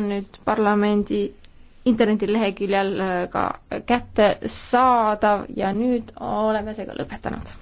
on nüüd parlamendi internetileheküljel äh, ka kättesaadav ja nüüd oleme seega lõpetanud.